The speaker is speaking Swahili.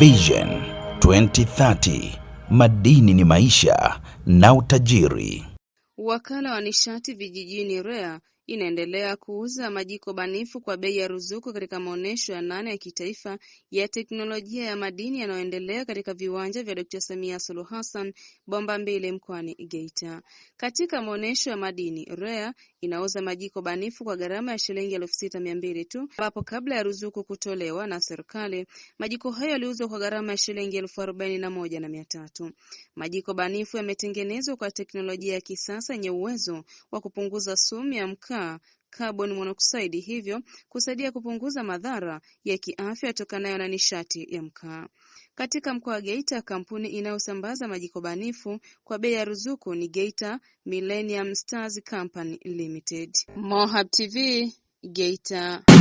Vision 2030 madini ni maisha na utajiri. Wakala wa nishati vijijini REA inaendelea kuuza majiko banifu kwa bei ya ruzuku katika maonesho ya nane ya kitaifa ya teknolojia ya madini yanayoendelea katika viwanja vya Dkt. Samia Suluhu Hassan Bomba-mbili mkoani Geita. Katika maonesho ya madini, REA inauza majiko banifu kwa gharama ya shilingi elfu sita mia mbili tu, ambapo kabla ya ruzuku kutolewa na serikali, majiko hayo yaliuzwa kwa gharama ya shilingi elfu arobaini na moja na mia tatu. Majiko banifu yametengenezwa kwa teknolojia ya kisasa yenye uwezo wa kupunguza sumu ya mkaa kukataa kaboni monoksidi hivyo kusaidia kupunguza madhara ya kiafya yatokanayo na nishati ya mkaa. Katika mkoa wa Geita, kampuni inayosambaza majiko banifu kwa bei ya ruzuku ni Geita Millennium Stars Company Limited. Mohab TV Geita.